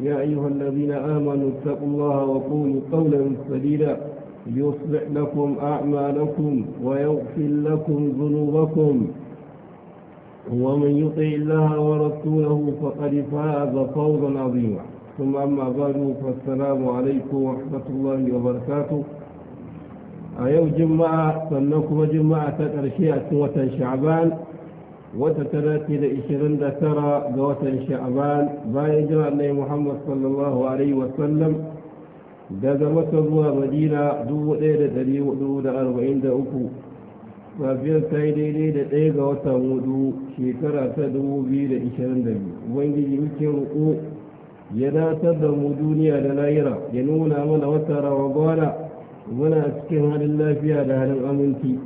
يا أيها الذين آمنوا اتقوا الله وقولوا قولا سديدا يصلح لكم أعمالكم ويغفر لكم ذنوبكم ومن يطع الله ورسوله فقد فاز فوزا عظيما ثم أما بعد فالسلام عليكم ورحمة الله وبركاته أيوم جماعة صنكم جمعة تقرشية سوة شعبان wata tara ce da ishirin da tara ga watan sha'aban bayan jira annai muhammad sallallahu alaihi wasallam daga maka zuwa madina dubu ɗaya da ɗari hudu da arba'in da uku safiyar ta yi daidai da ɗaya ga watan hudu shekara ta dubu biyu da ishirin da biyu ubangiji muke roƙo ya datar da mu duniya da lahira ya nuna mana wata rawa muna cikin halin lafiya da halin aminci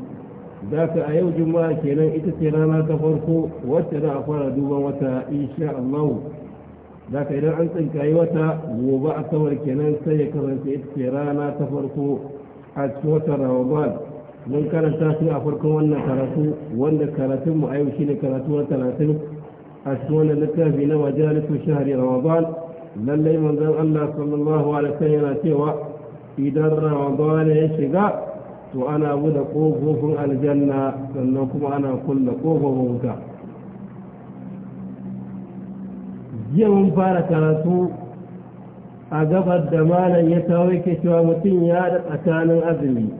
za ka a yau juma'a kenan ita ce rana ta farko wacce za a fara duban wata insha Allah za ka idan an tsinkayi wata gobe a kawar kenan sai ya kasance ita ce rana ta farko a cikin watan ramadan mun karanta su a farkon wannan karatu wanda karatun mu a yau shine karatu na talatin a cikin wannan littafi na majalisu shahari ramadan lallai manzon Allah sallallahu alaihi wasallam yana cewa idan ramadan ya shiga to ana buɗe ƙofofin aljanna sannan kuma ana kulle ƙofofin wuta jiya mun fara karatu a gabar da malam ya kawo yake cewa mutum ya da tsakanin azumi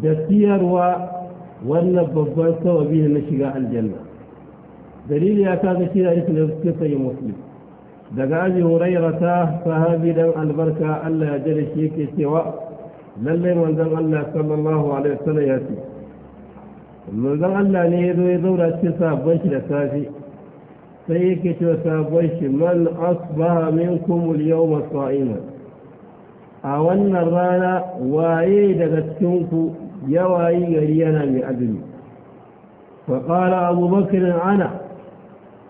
da siyarwa wannan babban sababi ne na shiga aljanna dalili ya kaga shi da suke suka sayi muslim daga abin hurairata sahabi dan albarka allah ya jada shi yake cewa lallai manzon Allah sallallahu alaihi wasallam ya ce manzon Allah ne ya zo ya zaura cikin sabon shi da safe sai yake cewa sabon shi man asbaha minkum al-yawma sa'ima a wannan rana waye daga cikin ku ya wayi gari yana mai azumi fa qala Abu Bakr ana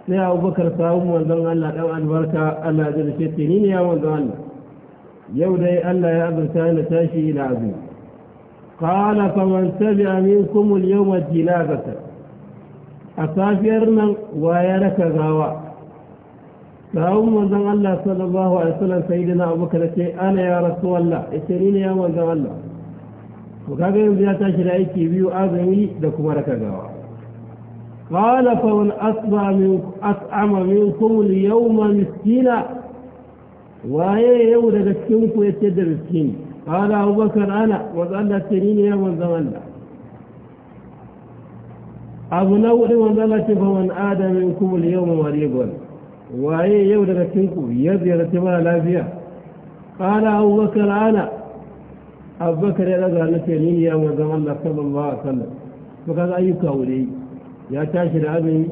sai Abu bakr sahun manzon Allah dan albarka Allah ya dace ni ne ya manzon Allah yau dai Allah ya azurta na tashi ila abu qala faman tabi'a minkum al-yawma jinazata a safiyar nan wa ya raka gawa sahun manzon Allah sallallahu alaihi wasallam sayyidina Abubakar ce ana ya rasulullah ita ni ne ya manzon Allah to kaga yanzu ya tashi da aiki biyu azumi da kuma raka gawa qala faman asba min as'ama minkum al-yawma miskina waye yau daga cikin ku ya ce da miskini qala abubakar ana wanzu Allah ce ni ne ya wanzu Allah abu na hudu wanzu Allah ce fa man adamin kumul yawma marigon waye yau daga cikin ku ya ziyarci mara lafiya qala abubakar ana abubakar ya daga na ce ni ne ya wanzu Allah sallallahu alaihi wasallam to kaga ayyuka wuri ya tashi da azumi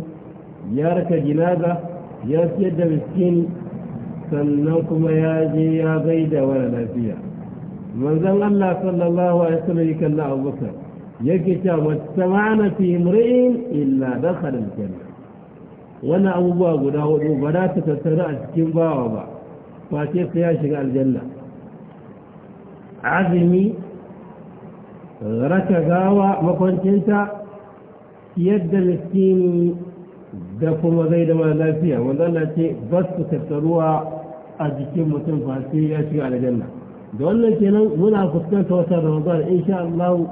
ya raka jinaza ya siyar da miskini sannan kuma ya je ya gaida wani lafiya manzon Allah sallallahu alaihi wasallam ya kalla Abubakar yake cewa mattamana fi imri'in illa dakhala al-janna wannan abubuwa guda hudu ba za ta tattara a cikin bawa ba face sai ya shiga aljanna azumi raka gawa makwancinta yadda miskini da kuma zai da mara lafiya wanda na ce ba su tattaruwa a jikin mutum ba sai ya shiga aljanna da wannan kenan muna fuskanta wata ramadan insha Allah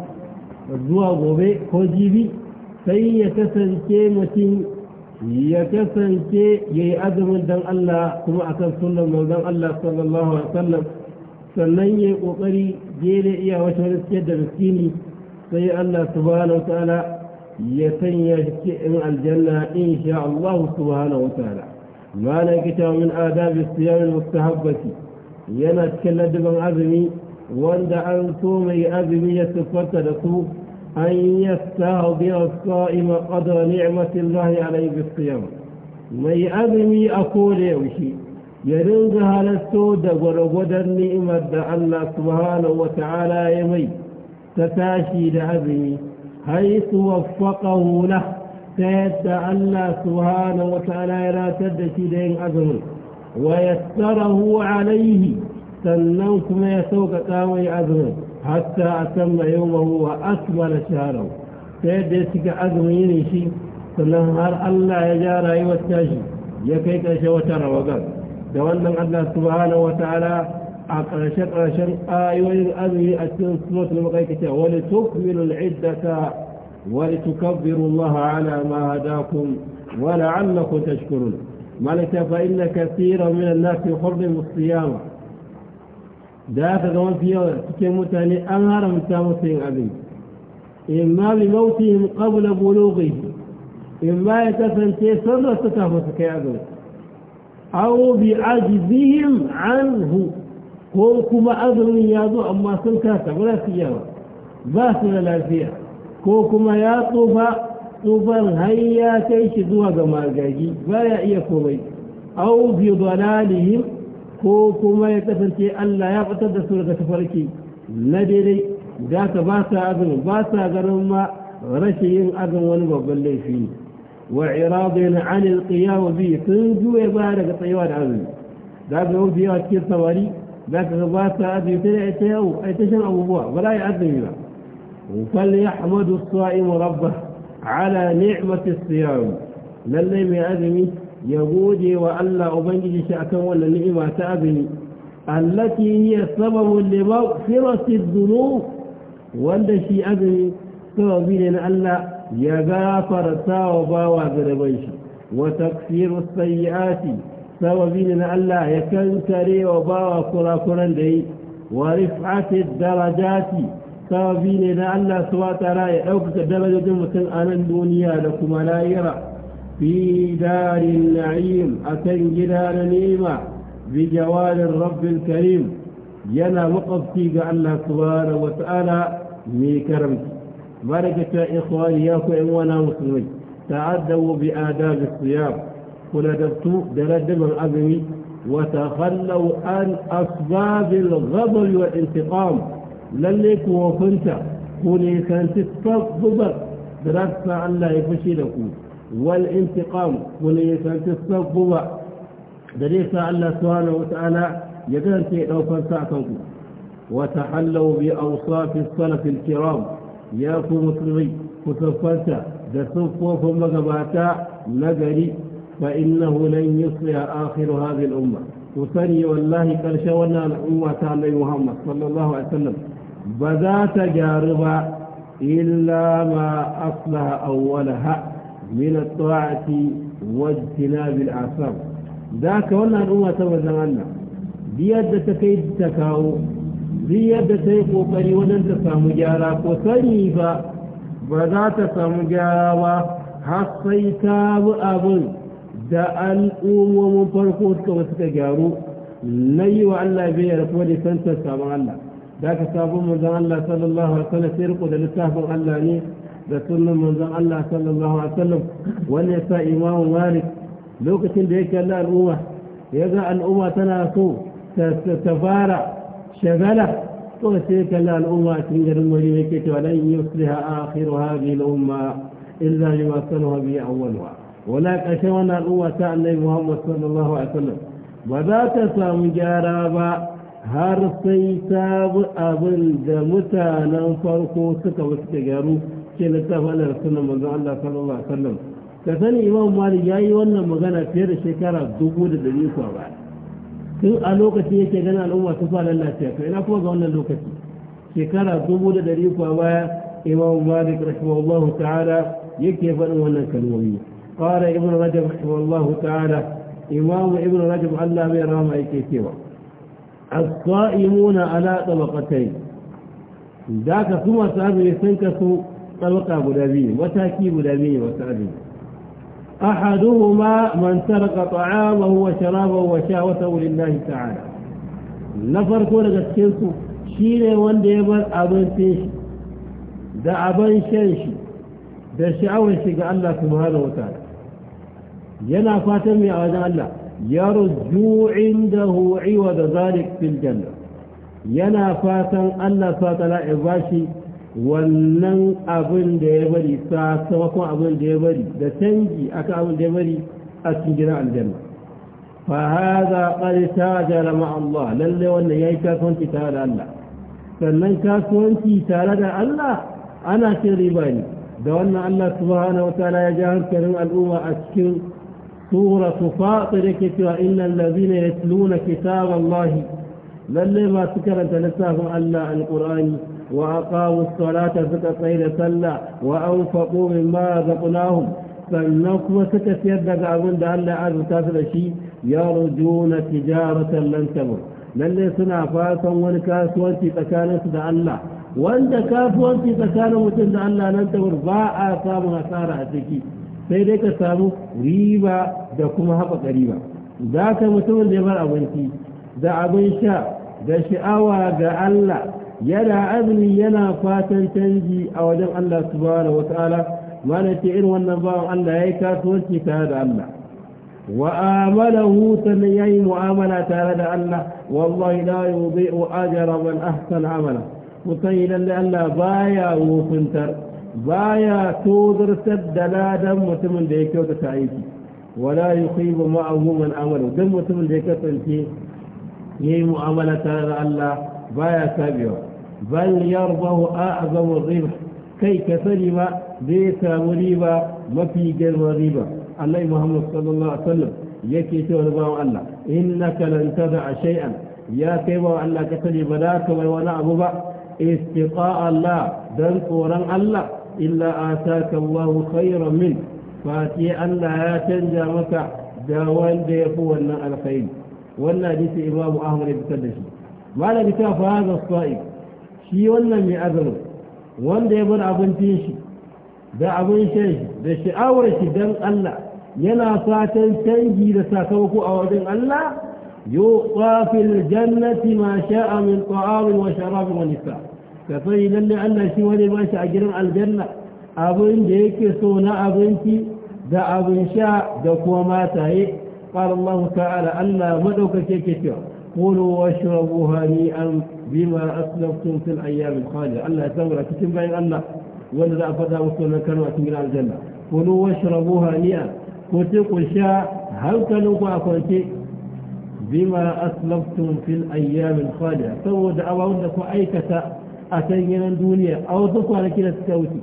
zuwa gobe ko jibi sai ya kasance mutum ya kasance ya yi azumin dan Allah kuma akan sunan manzon Allah sallallahu alaihi wasallam sannan ya yi kokari jere iya wata wani siyar da miskini sai Allah subhanahu wataala ya sanya shi in aljanna insha Allah subhanahu wataala ما نكتب من آداب الصيام المستحبة ينا كل دبن أزمي واندا أنتومي أزمي يتفرت لكو أن يستهدي الصائم قدر نعمة الله عليه بالصيام ما أزمي أقول يا وشي يوشي يرنزها للسودة ورغد النعمة الله سبحانه وتعالى يمي تتاشي لأزمي حيث وفقه له تيد الله سبحانه وتعالى لا تدك دين أجر ويسره عليه سننكم يسوك تاوي أجر حتى أتم يومه وأكمل شهره تيد يسك أجر ينشي سننهار الله يجارى يوستاشي يكيك أشي وترى وقال دولنا الله سبحانه وتعالى أقرشك رشن آيوين أذري أتنصمت المقايكة ولتكمل العدة ولتكبروا الله على ما هداكم ولعلكم تشكرون ملك فإن كثيرا من الناس يحرم الصيام داخل وان فيه تكمتني أنهر من تامسين أبي إما لموتهم قبل بلوغه إما يتفن تيسر ستتفسك يا أبي أو بعجزهم عنه كما أذن يا أبو أما سنكاتا ولا سيارة باسنا لا سيارة ko kuma ya tsufa tsufan har ya kai shi zuwa ga magagi ya iya komai au bi dalalihim ko kuma ya kasance Allah ya fitar da su daga tafarki na daidai da ka ba sa azumin ba sa ganin ma rashin yin azumin wani babban laifi ne wa iradin an alqiyam bi sun juye ba daga tsayawa da azumi da ga yau yawa cikin samari da ka ba sa azumi sai ta yau ai ta shan abubuwa ba za a yi azumi ba فليحمد الصائم ربه على نعمة الصيام للي أدمي يقولي وألا لا أبنجي شأكا ولا نعمة أبني التي هي سبب لمغفرة الذنوب والذي أبني سببين أن لا يغافر ثوابا وذربيش وتكفير السيئات سببين أن ألا يكنكري وباوى كراكرا لي ورفعة ورفعة الدرجات sababi ne na Allah suwa tara ya ɗaukaka darajojin mutum a nan duniya da kuma lahira fi darin na'im a kan gida na nema bi jawarin rabbin karim yana makwabci ga Allah subhanahu wa ta'ala mai karamci barakata ikhwani ya ku ƴan wana musulmai ta'addawu bi adabi siyam kuna dabtu da raddaban azumi wa takhallaw an asbabil ghadab wal intiqam lalle ku wofinta ku ne kanci sabbubar da za ta sa Allah ya fashe da ku wal intiqam ku ne kanci sabbuba da zai sa Allah subhanahu wata'ala ya ganta ya daukar sa kan ku wa tahallu bi awsaf as-salaf al-kiram ya ku musulmi ku tabbata da sufofin magabata nagari فإنه لن يصلح آخر هذه الأمة وثاني والله قال شونا الأمة على محمد صلى الله عليه وسلم بذات جاربة إلا ما أصلها أولها من الطاعة واجتناب الأعصاب ذاك والله الأمة وزمانا بيادة كيد تكاو بيادة تيقو قري ودن تسامو جارا وصنيفا بذات سامو جارا حصيتا وأبن دا الأمم فرقوتك وسكا جارو نيو الله بيارك ولسان تسامو الله لكن سابو من ذا الله صلى الله عليه وسلم سيرقو ذا لسهبو غلاني ذا سنة من ذا الله صلى الله عليه وسلم وليس إمام مالك لو كتن بيك الله الأمة يقرأ الأمة تناسو تفارع شغلة قل سيرك الله الأمة تنجر المريمك ولن يصلها آخر هذه الأمة إلا لما سنها بي أولها ولكن أشونا الأمة تعني محمد صلى الله عليه وسلم وذا تسام جارابا har sai ta bi abin da mutanen farko suka wasu gyaru ke littafin da sunan manzon Allah sallallahu alaihi wasallam ka sani imam malik ya yi wannan magana fiye da shekara dubu da dari kuwa ba tun a lokacin yake gani al'umma su fa lallace to ina kuma ga wannan lokaci shekara dubu da dari kuwa baya imam malik rahimahullahu ta'ala yake faɗin wannan kalmomi qala ibn rajab rahimahullahu ta'ala imam ibn rajab Allah bai rama yake cewa as على طبقتين ذاك da ka kuma طبقة بلابين وتاكي بلابين وسأبين أحدهما من ترك طعامه وشرابه وشاوته لله تعالى نفر كون قسكنس شيني وان ديبر أبن تنش دا أبن شنش دا شعور شيء الله سبحانه وتعالى ينا فاتمي أعوذ الله yarju indahu da zalik fil janna yana fatan Allah ta tala ya bashi wannan abin da ya bari sakamakon abin da ya bari da canji aka abin da ya bari a cikin gidan aljanna fa hada qad tajara ma Allah lalle wannan yayi kasuwanci tare da Allah sannan kasuwanci tare da Allah ana cin riba ne da wannan Allah subhanahu ta'ala ya ja hankalin al'umma a cikin سورة فاطر كتوى إن الذين يتلون كتاب الله للي ما سكرت تنساه ألا القرآن وأقاموا الصلاة صيد سلا وأنفقوا مما رزقناهم فالنقوة تتسيدك أبن دعال لعاد كافر شيء يرجون تجارة لن تمر للي سنع فاسا ونكاس وانتي تكانت دعال وانت كاف وانتي تكانت دعال لن تمر باع آثام أثار أتكي sai dai ka samu riba da kuma haɓaka riba za ka mutumin da ya bar abinci da abin sha da sha'awa ga Allah yana azumi yana fatan canji a wajen Allah subhanahu wataala na ce irin wannan bawan Allah ya yi kasuwanci tare da Allah wa amala huta na ya yi mu'amala tare da Allah wallahi la wa ajra man ahsan amala mutum idan da Allah baya wofintar بايا تودر سد لا دم وتم ديكو تعيدي ولا يخيب معه من أمل دم وتم ديكو تنتي يي مؤاملة الله بايا تابعه بل يرضه أعظم الربح كي كسلم بيتا مريبا ما في جل مريبا الله محمد صلى الله عليه وسلم يكي تهربا الله إنك لن تدع شيئا يا كيبا الله كسلم بلاك ولا أبوبا استقاء الله دنك ورن الله إلا آتاك الله خيرا منه فأتي ألا تنجى مكع داوان ديفون الخير ولا ديس إمام أهمر بكدش ما لا بتاف هذا الصائب شي ولا من أذره وان ديبن أبن تنشي دا أبن شيش دا شعور دان ألا ينا فاتن تنجي دا ساكوكو أودن ألا يؤطى في الجنة ما شاء من طعام وشراب ونساء ka sani lalle Allah shi wani ba shi a gidan aljanna abin da yake so na abinci da abin sha da kuma قال الله تعالى ألا مدوك كيكتير قولوا واشربوا هنيئا بما أسلفتم في الأيام الخالية ألا تمر كتن بين الله ولذا أفضى وصلنا كانوا أتمنى الجنة قولوا واشربوا هنيئا كتقوا شاء هل كانوا أفضى بما أسلفتم في الأيام الخالية سوى دعوة لكم أتنين الدنيا أو تقول كذا تكوتي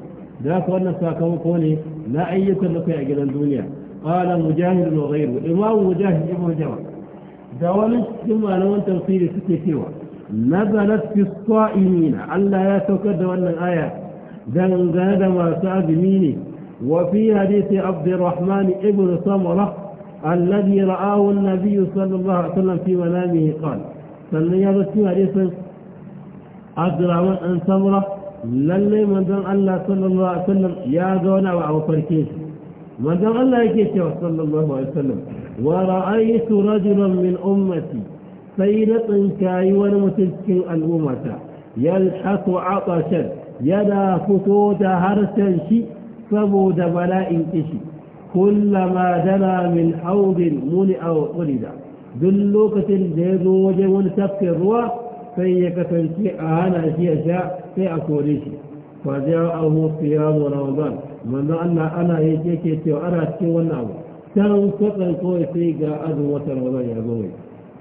ذاك وانا ساكم كوني لا أي كلك يا جل الدنيا قال مجاهد وغيره الإمام مجاهد ابن جوا دوال ثم لو أنت تصير ستكوا نزلت في الصائمين ألا يا تكد وانا آية ذن زاد ما سعد ميني وفي حديث عبد الرحمن ابن سمرة الذي رآه النبي صلى الله عليه وسلم في منامه قال صلى الله عليه وسلم أدرى من أن تمر للي من دون الله صلى الله عليه وسلم يا دون أو فركيز من دون الله يكيش صلى الله عليه وسلم ورأيت رجلا من أمتي سيدة كاي ونمتلك الأمة يلحق عطشا يدا فتوت هرسا شي فبود بلاء كشي كلما دنا من حوض ملئ وولد ذلوكة ليزوج من سفك الرواق sai ya kasance a hana shi ya sha sai a kore shi fa ja'ahu siyam ramadan manzo Allah ana yake ke cewa ana cikin wannan abu tan kwatsan kawai sai ga azumin watan ramadan ya zo mai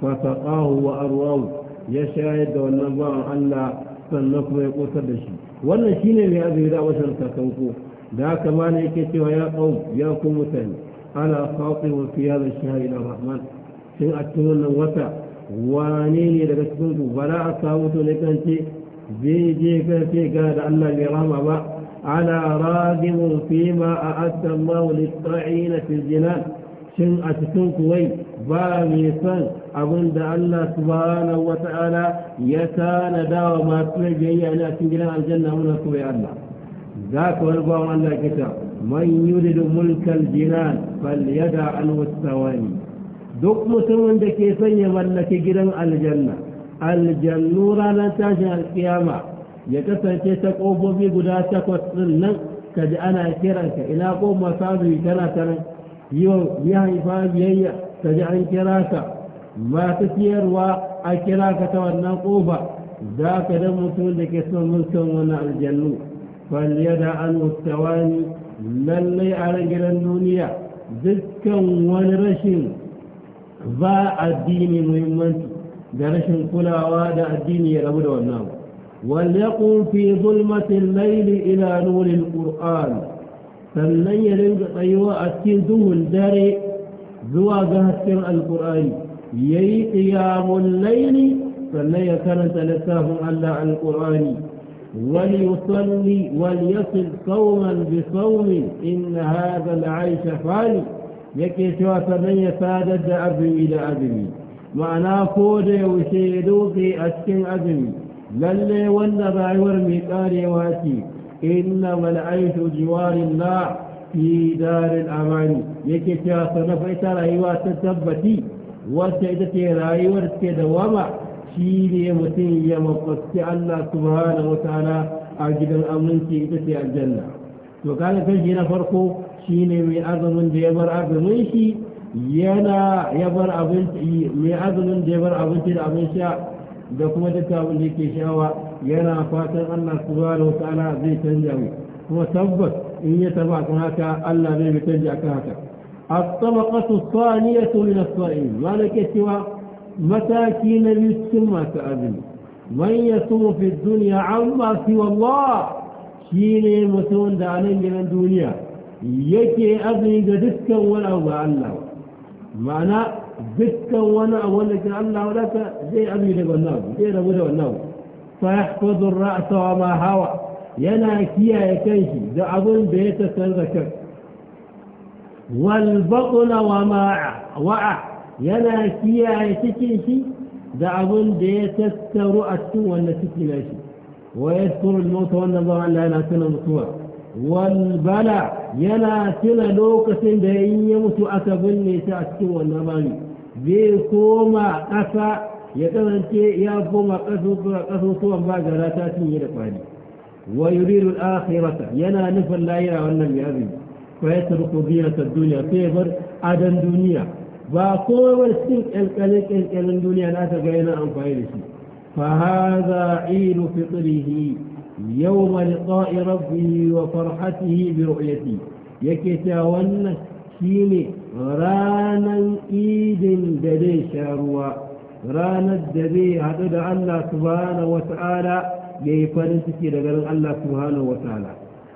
fa taqahu wa arwahu ya shayar da wannan bawan Allah sannan kuma ya kosar da shi wannan shine mai azumi da watan sakamako da haka ma ne yake cewa ya qaum ya ku mutane ana faqihun fi hadha ash-shahr ila rahman shin a cikin wannan wata وانيني لكتبنك فلا أصابت لكنت بي جيكتي قال أن الإرام على راغب فيما أعد الله للطعين في الجنان شن أتكون كوي باني سن أبن دا الله سبحانه وتعالى يتان داو ما تلجي أن أتكون الجنة من كوي الله ذاك والباو الله كتاب من يرد ملك الجنان فليدع عنه duk mutumin da ke son ya mallaki gidan aljanna aljannu ranar tashin alkiyama ya kasance ta ƙofofi guda takwas ɗin nan ka ji ana kiranka ina ƙofa sabi tana ta nan ya haifa biyayya ka ji an kira ka masu siyarwa a kira ka ta wannan ƙofa za ka dan mutumin da ke son son wani aljannu falle da an mustawani lallai a gidan duniya dukkan wani rashin ba addini muhimmanci da rashin kulawa da addini ya rabu da wannan وليقم في ظلمة الليل إلى نور القرآن sannan ya ringa tsayuwa a cikin duhun dare zuwa ga hasken alkur'ani ya yi ƙiyamun laili sannan ya karanta littafin allah alkur'ani wani yusalli wani yasil sauman bi saumin in na haɗa la'aisha fali yake cewa sannan ya sadar da azumi da azumi ma'ana ko da yaushe ya dutse a cikin azumi lalle wannan rayuwar mai karewa ce inna mal'aishu jiwarin la fi darin amani yake cewa sannan fa ita rayuwa ta tabbati wacce ita ce rayuwar ke da wama shi ne mutum ya makwasci Allah subhanahu wa ta'ala a gidan aminci ita ce aljanna وقال تجينا فرقه شيني مئات من ديبر أبو ميشي ينا يبر أبو مئات من ديبر أبو تير أبو إشاء دكما تتعب لك إشاوة ينا فاتر أن سبحانه وتعالى ذي تنجوي وثبت إن يتبعك هكا ألا ذي تنجعك هكا الطبقة الثانية من الصائمين مالك سوى متى كينا يسمى كأذن من يصوم في الدنيا عما سوى الله shine mutum mutumin da nan gidan duniya yake azumi ga dukkan wani abu ga Allah ma'ana dukkan wani abu wanda ke Allah wadata zai azumi daga wannan abu zai rabu da wannan abu fa yahfazu ra'sa wa ma hawa yana kiyaye kanshi da abun da ya tattar zakar wal baqla wa ma wa yana kiyaye cikin shi da abun da ya tattaru a cikin wannan cikin shi ويذكر الموت والنظر على لا سنة مطوع والبلع يناتنا لوكة بأن يموت أكبرني تأتي والنبغي بيكوما أفا يتمنك يا بوما قصو طوى بعد لا تأتي يلقاني ويريد الآخرة ينا نفر لا يرى ولم يأبي فيترك ضيرة الدنيا فيبر أدن دنيا باقوة والسلك القلق القلن الدنيا لا تقعنا أنفعي لشيء فهذا عيد فطره يوم لقاء ربه وفرحته برؤيته يكتاون شيني رانا إيد دبي شاروا رانا دبي هذا الله سبحانه وتعالى يفرن تكي دقل الله سبحانه وتعالى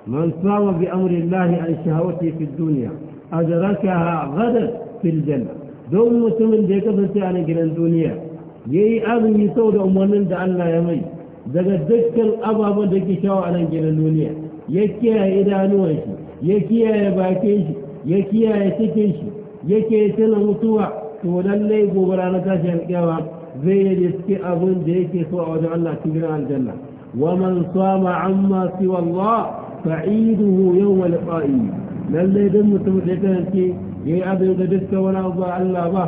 من صام بأمر الله عن شهوته في الدنيا أدركها غدا في الجنة دوم مسلم ديكا فتي جنان الدنيا ya yi azumi saboda umarnin da Allah ya mai daga dukkan ababen da ke shawo a nan gidan duniya ya kiyaye idanuwan shi ya kiyaye bakin shi ya kiyaye cikin shi yake tana mutuwa to lallai gobe ranar tashi alƙiyawa zai yi riski abin da yake so a wajen Allah cikin aljanna wa man sama amma siwa Allah fa'iduhu yawmal qa'im lallai dan mutum da yake yayi abin da dukkan wani abu Allah ba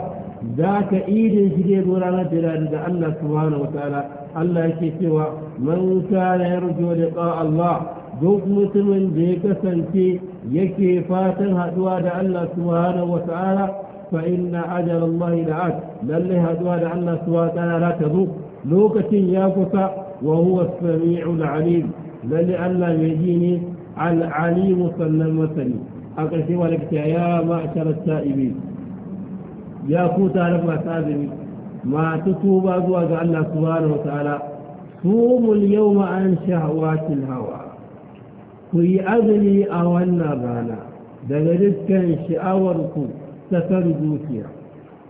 ذاك إيدي جديد ولا نجل عند الله سبحانه وتعالى الله سوى من كان يرجو لقاء الله دوك مسلم بك سنتي يكي فاتن هدوى الله سبحانه وتعالى فإن أجل الله لعاد للي هدوى الله سبحانه وتعالى لا تذوق لوكة يافتا وهو السميع العليم للي الله يجيني العليم صلى الله عليه وسلم أقسم لك يا معشر التائبين ya ku taron masu azumi masu tuba zuwa ga Allah subhanahu wa ta'ala sumul yawma an shahawatil hawa ku yi azumi a wannan rana daga dukkan sha'awar ku ta kan zuciya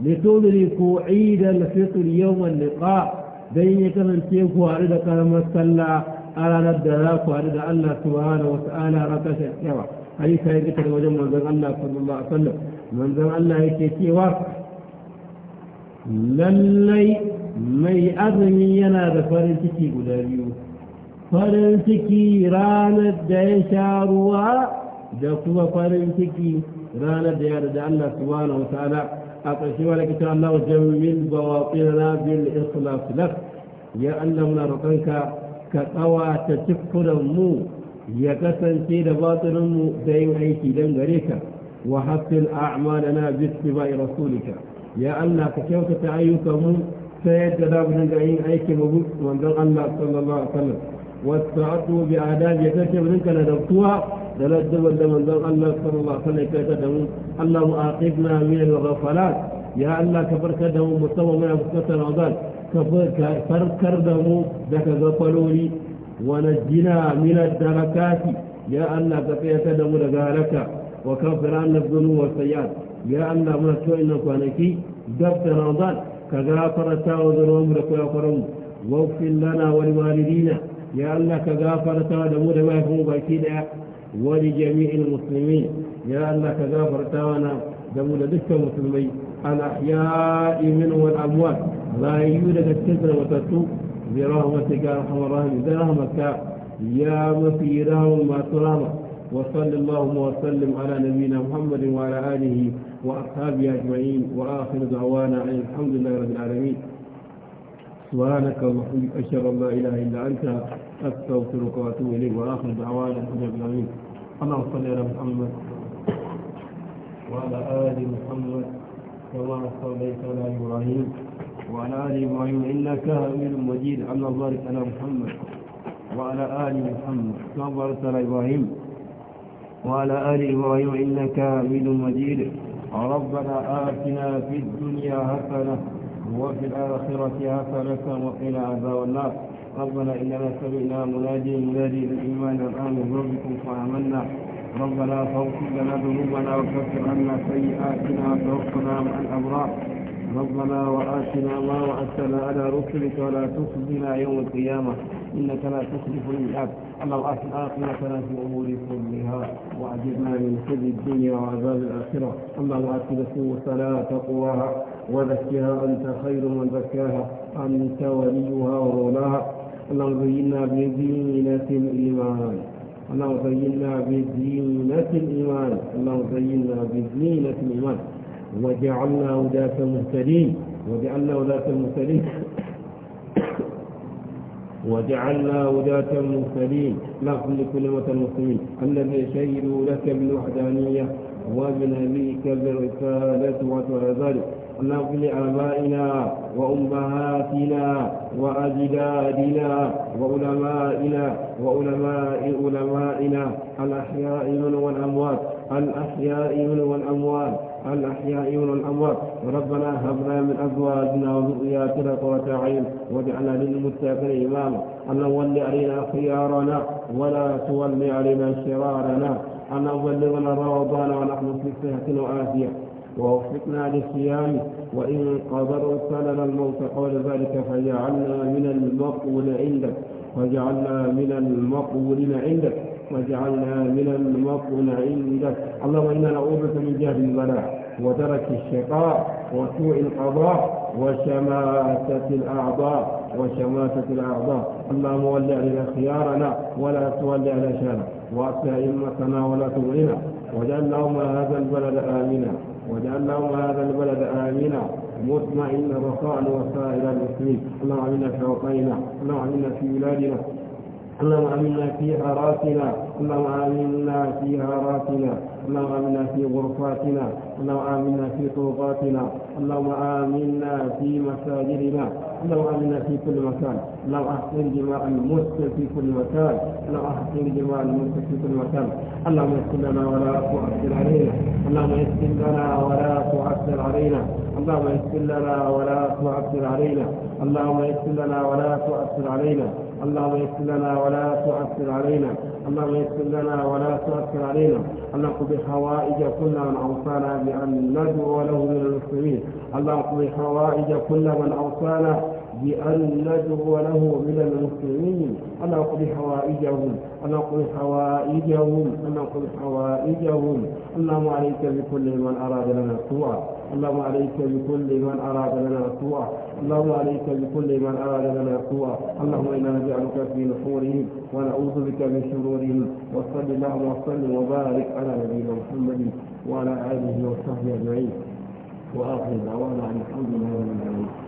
litudriku idal fitr yawmal liqa dan ya kasance ku haɗu da karamar sallah a ranar da za ku haɗu da Allah subhanahu wa ta'ala rakashin yawa hadisa ya fitar wajen manzon Allah sallallahu alaihi wasallam manzon Allah yake cewa lallai mai azumi yana da farin ciki guda biyu farin ciki ranar da ya sha ruwa da kuma farin ciki ranar da ya da Allah subhanahu wa ta'ala a ƙarshe wa lakita Allah wa jamil bawaƙirana bil ikhlas lak ya Allah muna roƙonka ka tsawata mu ya kasance da batininmu da yin aiki don gare ka wa haqqil a'malana bi ittiba'i rasulika يا الله كيف تعيثه سيد داب من دعين أيك مبوك من دل الله صلى الله عليه وسلم واستعطوا بأعداد يتشف منك لدبتوها دلت دول من دل الله صلى الله عليه وسلم كيف تدعون الله آقبنا من الغفلات يا الله كفرك دمو مستوى من أبسكة العضال كفرك دمو ذك غفلوني ونجنا من الدركات يا الله كفرك دمو لغارك وكفر عن الظنو والسيئات ya Allah muna cikin nan kwanaki dab da Ramadan ka gafarta wa zunubanmu da kurakuranmu waghfir lana wa liwalidina ya Allah ka gafarta da mu da mahaifinmu baki daya wa li jami'il muslimin ya Allah ka gafarta mana da mu da dukkan musulmai al ahya'i minhum wal amwat rayu daga cikin sarwatattu bi rahmatika arhamar rahimin da rahmatka ya mafi rahama masu rahama وصلى اللهم وسلم على نبينا محمد وعلى آله وأصحابه أجمعين وآخر دعوانا أن الحمد لله رب العالمين سبحانك وحمدك أشهد أن لا إله إلا أنت أستغفرك وأتوب إليك وآخر دعوانا الحمد لله رب العالمين اللهم صل على محمد وعلى آل محمد كما صليت على إبراهيم وعلى آل إبراهيم إنك حميد مجيد اللهم بارك على محمد وعلى آل محمد كما باركت على إبراهيم وعلى آل إبراهيم إنك حميد مجيد ربنا آتنا في الدنيا حسنة وفي الآخرة حسنة وقنا عذاب النار ربنا إننا سمعنا منادي منادي للإيمان الآن بربكم فآمنا ربنا فاغفر لنا ذنوبنا وكفر عنا سيئاتنا وتوفنا مع الأبرار ربنا وآتنا ما وعدتنا على رسلك ولا تخزنا يوم القيامة إنك لا تخلف الميعاد اما أحسن آخرتنا في أمور كلها وأجرنا من خزي الدنيا وعذاب الآخرة اللهم الاخره فلا تقواها وزكها أنت خير من زكاها أنت وليها ومولاها اللهم زينا بزينة الإيمان اللهم زينا بزينة الإيمان اللهم زينا بزينة الإيمان وجعلنا هداة المهتدين وجعلنا هداة المهتدين وجعلنا هداة مهتدين لكل لكلمة المسلمين الذي شهدوا لك بالوحدانية وبنبيك بالرسالة وترى ذلك اللهم لآبائنا وأمهاتنا وأجدادنا وعلمائنا وعلماء علمائنا الأحياء والأموات الأحياء والأموال الأحياء والأموال ربنا هب لنا من أزواجنا وذرياتنا قرة عين واجعلنا للمتقين إماما اللهم ول علينا خيارنا ولا تول علينا شرارنا اللهم بلغنا رمضان ونحن في صحة وعافية ووفقنا للصيام وإن قدرت لنا الموت قبل ذلك فجعلنا من المقبول عندك فجعلنا من المقبولين عندك واجعلنا من عندك اللهم إنا نعوذ بك من جهل البلاء ودرك الشقاء وسوء القضاء وشماتة الأعضاء وشماتة الأعضاء اللهم ول علينا خيارنا ولا تول على شأننا وأصلح أئمتنا ولا تضلنا واجعل لهم هذا البلد آمنا واجعل لهم هذا البلد آمنا مطمئنا رخاء وسائر المسلمين اللهم امنا في وطننا اللهم امنا في بلادنا اللهم امنا فيها راسنا اللهم امنا فيها راسنا اللهم آمنا في غرفاتنا اللهم آمنا في طرقاتنا اللهم آمنا في مساجدنا اللهم آمنا في كل مكان اللهم أحسن جماع المسلم في كل مكان اللهم أحسن جماع المسلم في كل مكان اللهم يسر لنا ولا تعسر علينا اللهم يسر لنا ولا تعسر علينا اللهم يسر لنا ولا تعسر علينا اللهم يسر لنا ولا تعسر علينا اللهم يسر لنا ولا تعسر علينا اللهم يسر لنا ولا تؤثر علينا أن نقضي حوائج كل من أوصانا بأن ندعو له من المسلمين اللهم قضي حوائج كل من أوصانا بأن ندعو له من المسلمين أن نقضي حوائجهم أن نقضي حوائجهم أن نقضي حوائجهم اللهم عليك بكل من أراد لنا سوءا اللهم عليك بكل من أراد لنا سوءا اللهم عليك بكل من أراد لنا سوءا اللهم إنا نجعلك في نحورهم ونعوذ بك من شرورهم وصل اللهم وسلم وبارك على نبينا محمد وعلى آله وصحبه أجمعين وآخر دعوانا أن الحمد لله رب العالمين